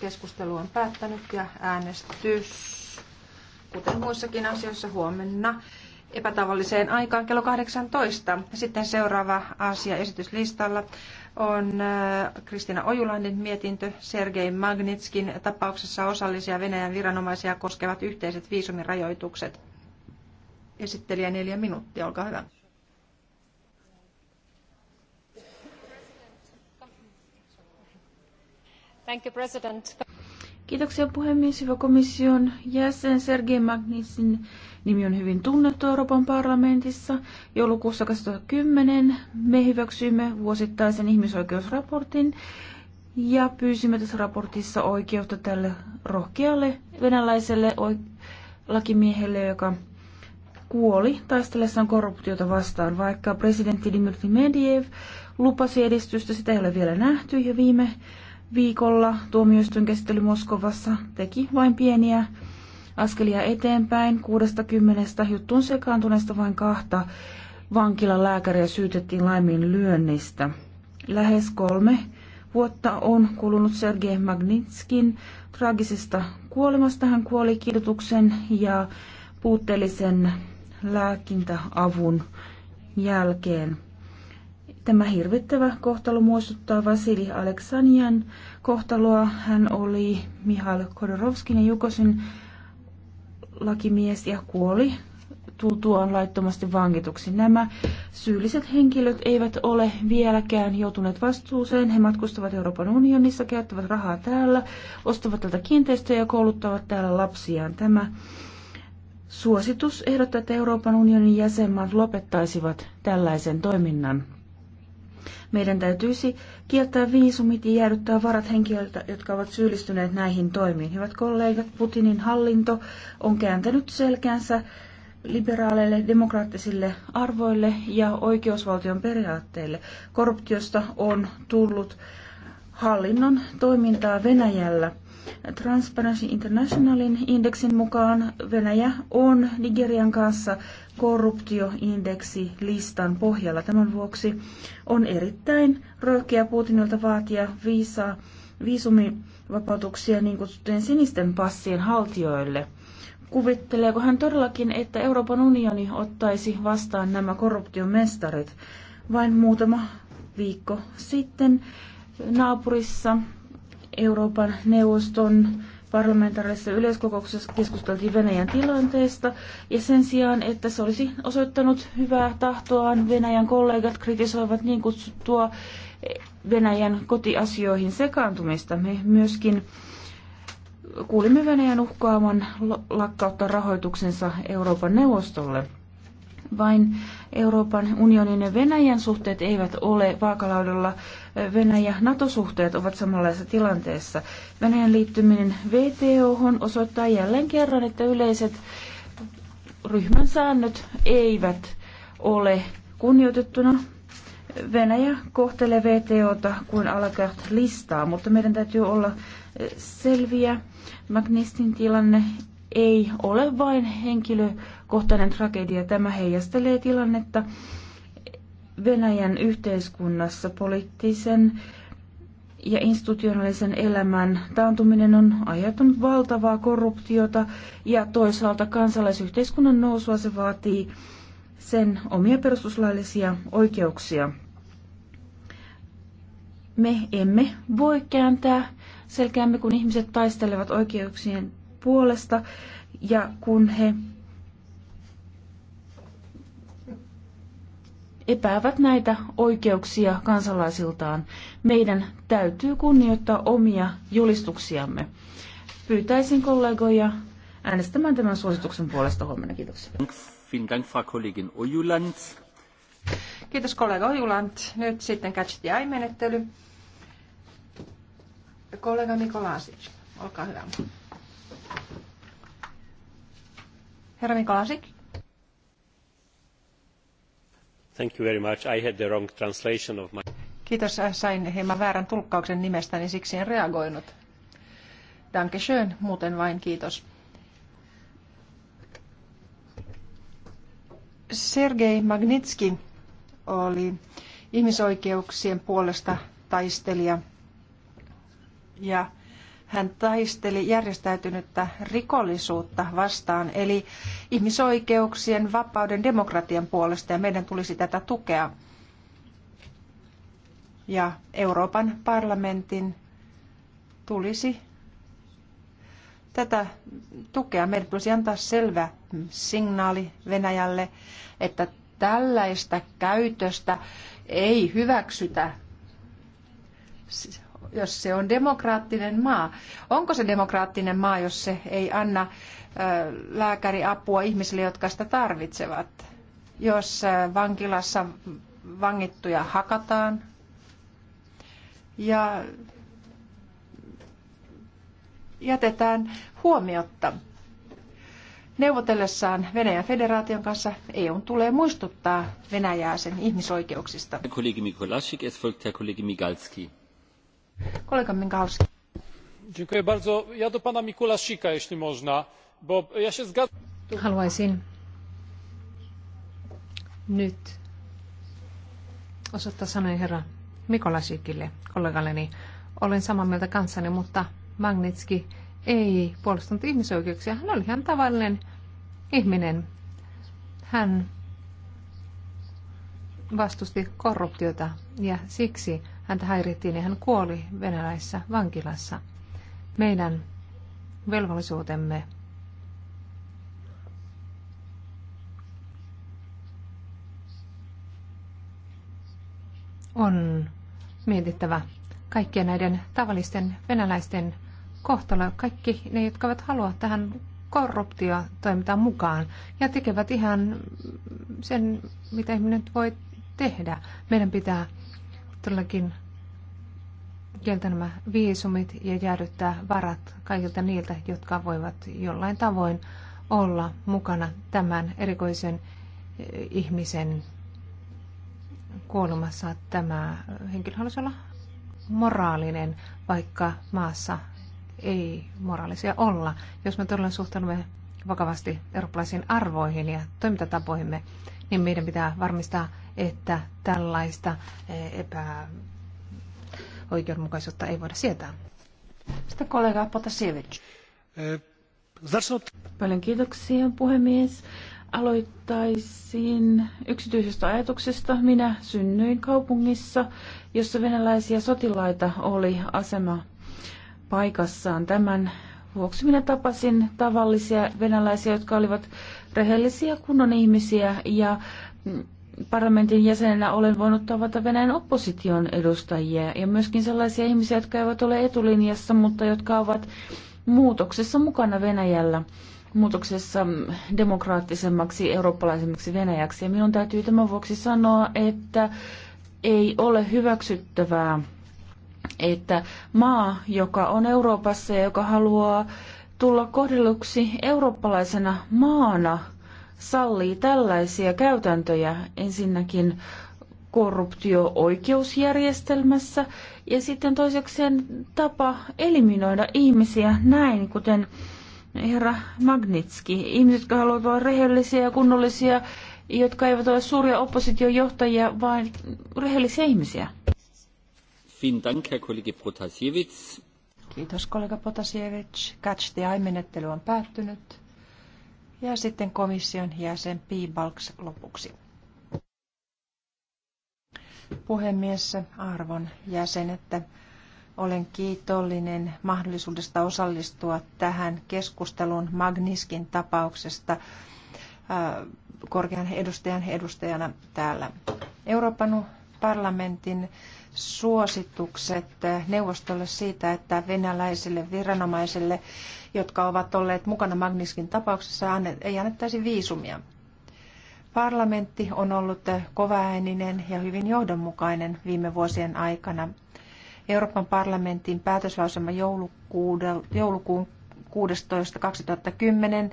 Keskustelu on päättänyt ja äänestys, kuten muissakin asioissa, huomenna epätavalliseen aikaan kello 18. Sitten seuraava asia esityslistalla on äh, Kristina Ojulainen mietintö Sergei Magnitskin tapauksessa osallisia Venäjän viranomaisia koskevat yhteiset viisumirajoitukset. Esittelijä neljä minuuttia, olkaa hyvä. Thank you, President. Kiitoksia puhemies. Hyvä komission jäsen Sergei Magnitsin nimi on hyvin tunnettu Euroopan parlamentissa. Joulukuussa 2010 me hyväksyimme vuosittaisen ihmisoikeusraportin ja pyysimme tässä raportissa oikeutta tälle rohkealle venäläiselle lakimiehelle, joka kuoli taistellessaan korruptiota vastaan, vaikka presidentti Dmitri Medvedev lupasi edistystä, sitä ei ole vielä nähty ja viime viikolla tuomioistuin käsittely Moskovassa teki vain pieniä askelia eteenpäin. kuudesta kymmenestä juttuun sekaantuneesta vain kahta vankilan lääkäriä syytettiin lyönnistä Lähes kolme vuotta on kulunut Sergei Magnitskin traagisesta kuolemasta. Hän kuoli kidutuksen ja puutteellisen lääkintäavun jälkeen. Tämä hirvittävä kohtalo muistuttaa Vasili Aleksanian kohtaloa. Hän oli Mihail Khodorovskin ja Jukosin lakimies ja kuoli tultuaan laittomasti vankituksi. Nämä syylliset henkilöt eivät ole vieläkään joutuneet vastuuseen. He matkustavat Euroopan unionissa, käyttävät rahaa täällä, ostavat tältä kiinteistöjä ja kouluttavat täällä lapsiaan. Tämä suositus ehdottaa, että Euroopan unionin jäsenmaat lopettaisivat tällaisen toiminnan. Meidän täytyisi kieltää viisumit ja jäädyttää varat henkilöiltä, jotka ovat syyllistyneet näihin toimiin. Hyvät kollegat, Putinin hallinto on kääntänyt selkänsä liberaaleille demokraattisille arvoille ja oikeusvaltion periaatteille. Korruptiosta on tullut hallinnon toimintaa Venäjällä. Transparency Internationalin indeksin mukaan Venäjä on Nigerian kanssa korruptioindeksi listan pohjalla. Tämän vuoksi on erittäin rohkea Putinilta vaatia viisaa viisumivapautuksia niin kutsuttujen sinisten passien haltijoille. Kuvitteleeko hän todellakin, että Euroopan unioni ottaisi vastaan nämä korruptiomestarit? Vain muutama viikko sitten naapurissa Euroopan neuvoston parlamentaarisessa yleiskokouksessa keskusteltiin Venäjän tilanteesta, ja sen sijaan, että se olisi osoittanut hyvää tahtoaan, Venäjän kollegat kritisoivat niin kutsuttua Venäjän kotiasioihin sekaantumista. Me myöskin kuulimme Venäjän uhkaavan lakkauttaa rahoituksensa Euroopan neuvostolle vain Euroopan unionin ja Venäjän suhteet eivät ole vaakalaudalla. Venäjä-NATO-suhteet ovat samanlaisessa tilanteessa. Venäjän liittyminen WTO osoittaa jälleen kerran, että yleiset ryhmän säännöt eivät ole kunnioitettuna. Venäjä kohtelee VTOta kuin alakart listaa, mutta meidän täytyy olla eh, selviä. Magnistin tilanne ei ole vain henkilökohtainen tragedia. Tämä heijastelee tilannetta Venäjän yhteiskunnassa poliittisen ja institutionaalisen elämän taantuminen on aiheuttanut valtavaa korruptiota ja toisaalta kansalaisyhteiskunnan nousua se vaatii sen omia perustuslaillisia oikeuksia. Me emme voi kääntää selkäämme, kun ihmiset taistelevat oikeuksien puolesta ja kun he epäävät näitä oikeuksia kansalaisiltaan, meidän täytyy kunnioittaa omia julistuksiamme. Pyytäisin kollegoja äänestämään tämän suosituksen puolesta huomenna. Kiitoksia. Kiitos kollega Ojuland. Nyt sitten catch the eye-menettely. Kollega Mikola Asic, olkaa hyvä. Herra Mikolasik. Thank you very much. I had the wrong translation of my... Kiitos, äh, sain hieman väärän tulkkauksen nimestäni, siksi en reagoinut. Danke schön, muuten vain kiitos. Sergei Magnitski oli ihmisoikeuksien puolesta taistelija ja hän taisteli järjestäytynyttä rikollisuutta vastaan, eli ihmisoikeuksien, vapauden, demokratian puolesta, ja meidän tulisi tätä tukea. Ja Euroopan parlamentin tulisi tätä tukea. Meidän tulisi antaa selvä signaali Venäjälle, että tällaista käytöstä ei hyväksytä jos se on demokraattinen maa. Onko se demokraattinen maa, jos se ei anna lääkäriapua ihmisille, jotka sitä tarvitsevat? Jos vankilassa vangittuja hakataan ja jätetään huomiotta. Neuvotellessaan Venäjän federaation kanssa EU tulee muistuttaa Venäjää sen ihmisoikeuksista. Herr Mikolasik, es folgt Migalski. Haluaisin nyt osoittaa sanoja herra Mikolasikille, kollegalleni. Olen samaa mieltä kanssanne mutta Magnitski ei puolustanut ihmisoikeuksia. Hän oli ihan tavallinen ihminen. Hän vastusti korruptiota ja siksi Häntä häirittiin ja hän kuoli venäläisessä vankilassa. Meidän velvollisuutemme on mietittävä kaikkien näiden tavallisten venäläisten kohtalo. Kaikki ne, jotka ovat halua tähän korruptio toimitaan mukaan ja tekevät ihan sen, mitä ihminen voi tehdä. Meidän pitää todellakin kieltä nämä viisumit ja jäädyttää varat kaikilta niiltä, jotka voivat jollain tavoin olla mukana tämän erikoisen eh, ihmisen kuolemassa. Tämä henkilö halusi olla moraalinen, vaikka maassa ei moraalisia olla. Jos me todella suhtaudumme vakavasti eurooppalaisiin arvoihin ja toimintatapoihimme, niin meidän pitää varmistaa että tällaista eh, epäoikeudenmukaisuutta ei voida sietää. Sitten kollega Potasiewicz. Eh, Paljon kiitoksia puhemies. Aloittaisin yksityisestä ajatuksesta. Minä synnyin kaupungissa, jossa venäläisiä sotilaita oli asema paikassaan. Tämän vuoksi minä tapasin tavallisia venäläisiä, jotka olivat rehellisiä kunnon ihmisiä ja mm, parlamentin jäsenenä olen voinut tavata Venäjän opposition edustajia ja myöskin sellaisia ihmisiä, jotka eivät ole etulinjassa, mutta jotka ovat muutoksessa mukana Venäjällä, muutoksessa demokraattisemmaksi, eurooppalaisemmaksi Venäjäksi. Ja minun täytyy tämän vuoksi sanoa, että ei ole hyväksyttävää, että maa, joka on Euroopassa ja joka haluaa tulla kohdelluksi eurooppalaisena maana – sallii tällaisia käytäntöjä ensinnäkin korruptio oikeusjärjestelmässä ja sitten toisekseen tapa eliminoida ihmisiä näin, kuten herra Magnitski. Ihmiset, jotka haluavat olla rehellisiä ja kunnollisia, jotka eivät ole suuria oppositiojohtajia, vaan rehellisiä ihmisiä. Kiitos kollega Potasiewicz. Catch the Eye-menettely on päättynyt ja sitten komission jäsen Piibalks lopuksi. Puhemies, arvon jäsen, että olen kiitollinen mahdollisuudesta osallistua tähän keskusteluun Magniskin tapauksesta äh, korkean edustajan edustajana täällä. Euroopan parlamentin suositukset neuvostolle siitä, että venäläisille viranomaisille, jotka ovat olleet mukana Magniskin tapauksessa, ei annettaisi viisumia. Parlamentti on ollut kovaääninen ja hyvin johdonmukainen viime vuosien aikana. Euroopan parlamentin päätöslausema joulukuun 16.2010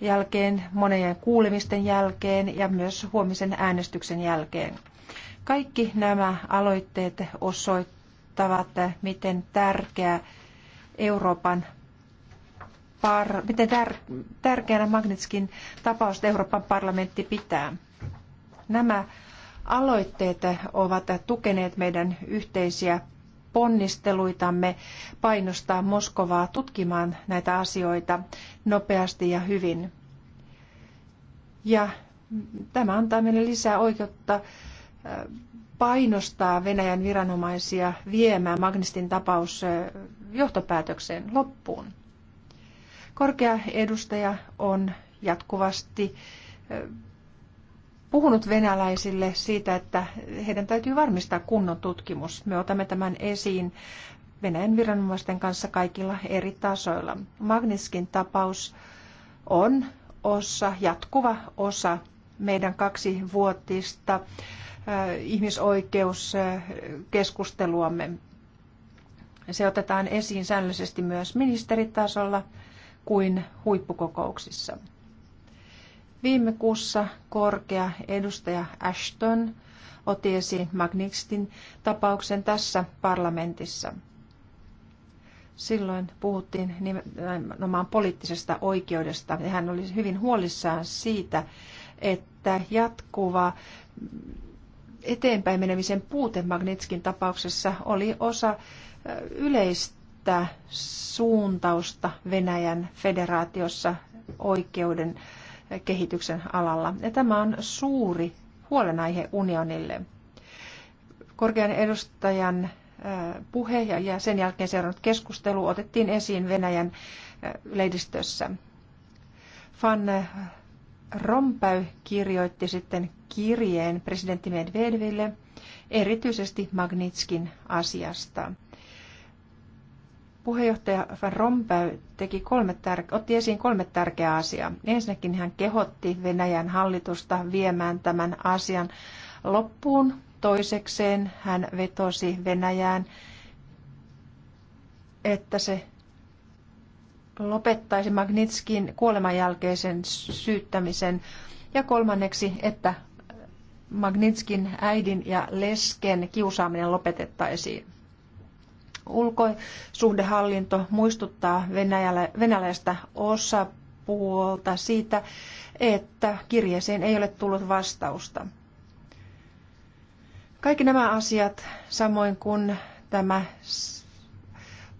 jälkeen, monien kuulemisten jälkeen ja myös huomisen äänestyksen jälkeen. Kaikki nämä aloitteet osoittavat, miten tärkeä Euroopan par, miten tär, tärkeänä Magnitskin tapausta Euroopan parlamentti pitää. Nämä aloitteet ovat tukeneet meidän yhteisiä ponnisteluitamme painostaa Moskovaa tutkimaan näitä asioita nopeasti ja hyvin. Ja tämä antaa meille lisää oikeutta painostaa Venäjän viranomaisia viemään Magnistin tapaus johtopäätökseen loppuun. Korkea edustaja on jatkuvasti puhunut venäläisille siitä, että heidän täytyy varmistaa kunnon tutkimus. Me otamme tämän esiin Venäjän viranomaisten kanssa kaikilla eri tasoilla. Magniskin tapaus on osa, jatkuva osa meidän kaksivuotista vuotista ihmisoikeuskeskusteluamme. Se otetaan esiin säännöllisesti myös ministeritasolla kuin huippukokouksissa. Viime kuussa korkea edustaja Ashton otti esiin Magnitskin tapauksen tässä parlamentissa. Silloin puhuttiin nimenomaan poliittisesta oikeudesta ja hän oli hyvin huolissaan siitä, että jatkuva eteenpäin menemisen puute Magnitskin tapauksessa oli osa yleistä suuntausta Venäjän federaatiossa oikeuden kehityksen alalla. Ja tämä on suuri huolenaihe unionille. Korkean edustajan puhe ja sen jälkeen seurannut keskustelu otettiin esiin Venäjän lehdistössä. Van Rompäy kirjoitti sitten kirjeen presidentti Medvedeville erityisesti Magnitskin asiasta. Puheenjohtaja Van Rompuy teki kolme tär- otti esiin kolme tärkeää asiaa. Ensinnäkin hän kehotti Venäjän hallitusta viemään tämän asian loppuun. Toisekseen hän vetosi Venäjään, että se lopettaisi Magnitskin kuoleman jälkeisen syyttämisen. Ja kolmanneksi, että Magnitskin äidin ja lesken kiusaaminen lopetettaisiin. Ulkosuhdehallinto muistuttaa Venäjälle, venäläistä osapuolta siitä, että kirjeeseen ei ole tullut vastausta. Kaikki nämä asiat, samoin kuin tämä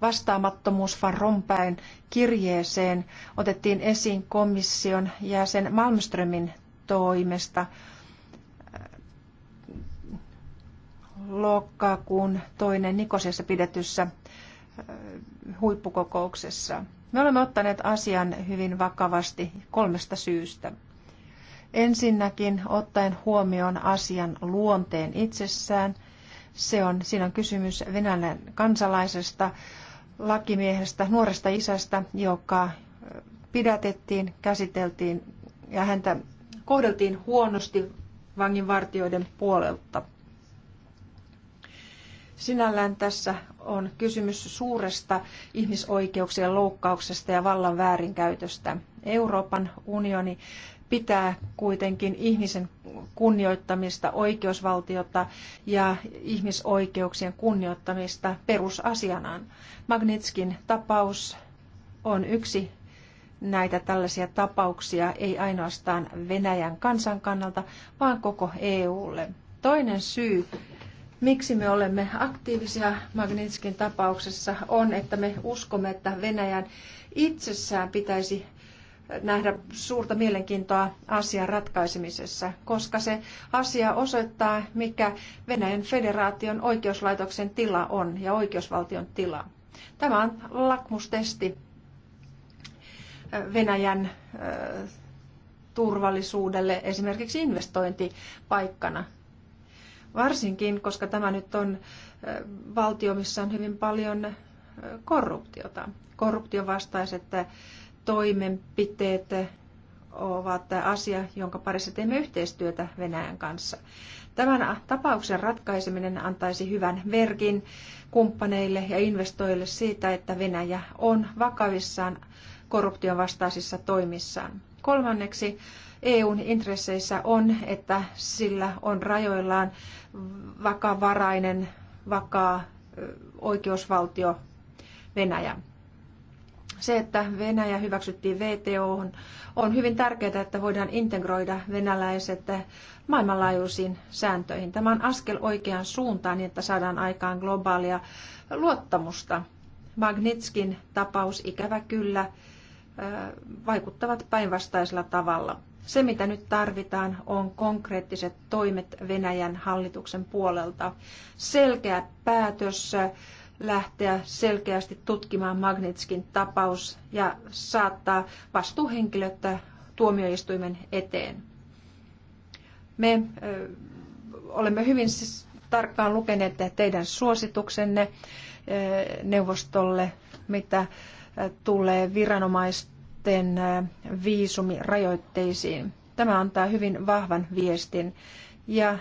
vastaamattomuus Van Rompäin kirjeeseen, otettiin esiin komission jäsen Malmströmin toimesta – lokakuun toinen Nikosessa pidetyssä huippukokouksessa. Me olemme ottaneet asian hyvin vakavasti kolmesta syystä. Ensinnäkin ottaen huomioon asian luonteen itsessään. Se on, siinä on kysymys Venäjän kansalaisesta, lakimiehestä, nuoresta isästä, joka pidätettiin, käsiteltiin ja häntä kohdeltiin huonosti vanginvartijoiden puolelta. Sinällään tässä on kysymys suuresta ihmisoikeuksien loukkauksesta ja vallan väärinkäytöstä. Euroopan unioni pitää kuitenkin ihmisen kunnioittamista, oikeusvaltiota ja ihmisoikeuksien kunnioittamista perusasianaan. Magnitskin tapaus on yksi näitä tällaisia tapauksia ei ainoastaan Venäjän kansan kannalta, vaan koko EUlle. Toinen syy miksi me olemme aktiivisia Magnitskin tapauksessa, on, että me uskomme, että Venäjän itsessään pitäisi nähdä suurta mielenkiintoa asian ratkaisemisessa, koska se asia osoittaa, mikä Venäjän federaation oikeuslaitoksen tila on ja oikeusvaltion tila. Tämä on lakmustesti Venäjän äh, turvallisuudelle esimerkiksi investointipaikkana Varsinkin, koska tämä nyt on valtio, missä on hyvin paljon korruptiota. Korruption vastaiset toimenpiteet ovat asia, jonka parissa teemme yhteistyötä Venäjän kanssa. Tämän tapauksen ratkaiseminen antaisi hyvän verkin kumppaneille ja investoijille siitä, että Venäjä on vakavissaan korruption vastaisissa toimissaan. Kolmanneksi EUn intresseissä on, että sillä on rajoillaan vakavarainen, vakaa oikeusvaltio Venäjä. Se, että Venäjä hyväksyttiin VTO, on hyvin tärkeää, että voidaan integroida venäläiset maailmanlaajuisiin sääntöihin. Tämä on askel oikeaan suuntaan, niin että saadaan aikaan globaalia luottamusta. Magnitskin tapaus ikävä kyllä vaikuttavat päinvastaisella tavalla. Se, mitä nyt tarvitaan, on konkreettiset toimet Venäjän hallituksen puolelta. Selkeä päätös lähteä selkeästi tutkimaan Magnitskin tapaus ja saattaa vastuuhenkilöt tuomioistuimen eteen. Me ö, olemme hyvin siis tarkkaan lukeneet teidän suosituksenne neuvostolle, mitä tulee viranomaisten sitten viisumirajoitteisiin. Tämä antaa hyvin vahvan viestin ja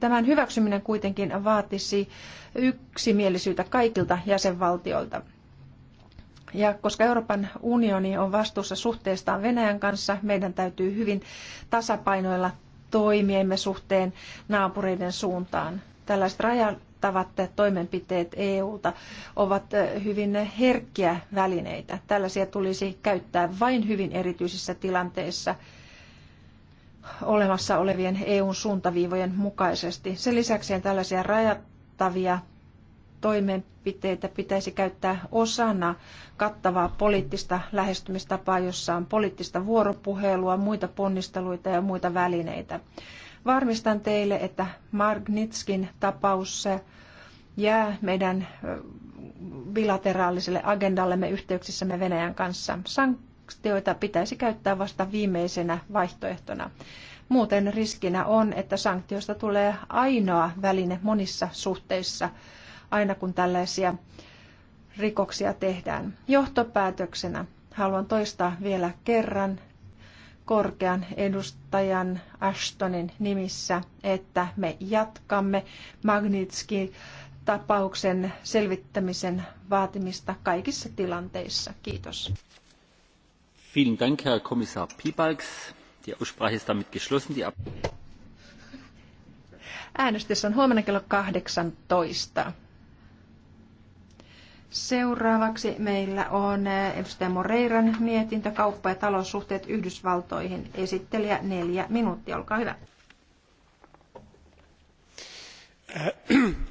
tämän hyväksyminen kuitenkin vaatisi yksimielisyyttä kaikilta jäsenvaltioilta. Ja koska Euroopan unioni on vastuussa suhteestaan Venäjän kanssa, meidän täytyy hyvin tasapainoilla toimiemme suhteen naapureiden suuntaan. Tällaiset Tavat toimenpiteet EUlta ovat hyvin herkkiä välineitä. Tällaisia tulisi käyttää vain hyvin erityisissä tilanteissa olemassa olevien EUn suuntaviivojen mukaisesti. Sen lisäksi tällaisia rajattavia toimenpiteitä pitäisi käyttää osana kattavaa poliittista lähestymistapaa, jossa on poliittista vuoropuhelua, muita ponnisteluita ja muita välineitä. Varmistan teille, että Magnitskin tapaus jää meidän bilateraaliselle agendallemme yhteyksissämme Venäjän kanssa. Sanktioita pitäisi käyttää vasta viimeisenä vaihtoehtona. Muuten riskinä on, että sanktioista tulee ainoa väline monissa suhteissa, aina kun tällaisia rikoksia tehdään. Johtopäätöksenä haluan toistaa vielä kerran, korkean edustajan Ashtonin nimissä, että me jatkamme Magnitski tapauksen selvittämisen vaatimista kaikissa tilanteissa. Kiitos. Vielen Dank, Herr Kommissar Piebalgs. Die Aussprache ist damit geschlossen. Äänestys on huomenna kello 18. Seuraavaksi meillä on eh, edustaja Moreiran mietintö kauppa- ja taloussuhteet Yhdysvaltoihin. Esittelijä neljä minuuttia, olkaa hyvä. Äh,